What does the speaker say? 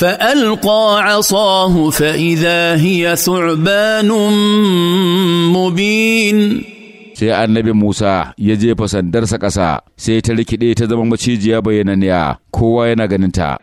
فالقى عصاه فاذا هي ثعبان مبين sai annabi Musa ya jefa sandarsa ƙasa sai ta rikide ta zama maciji macijiya bayyana kowa yana ganinta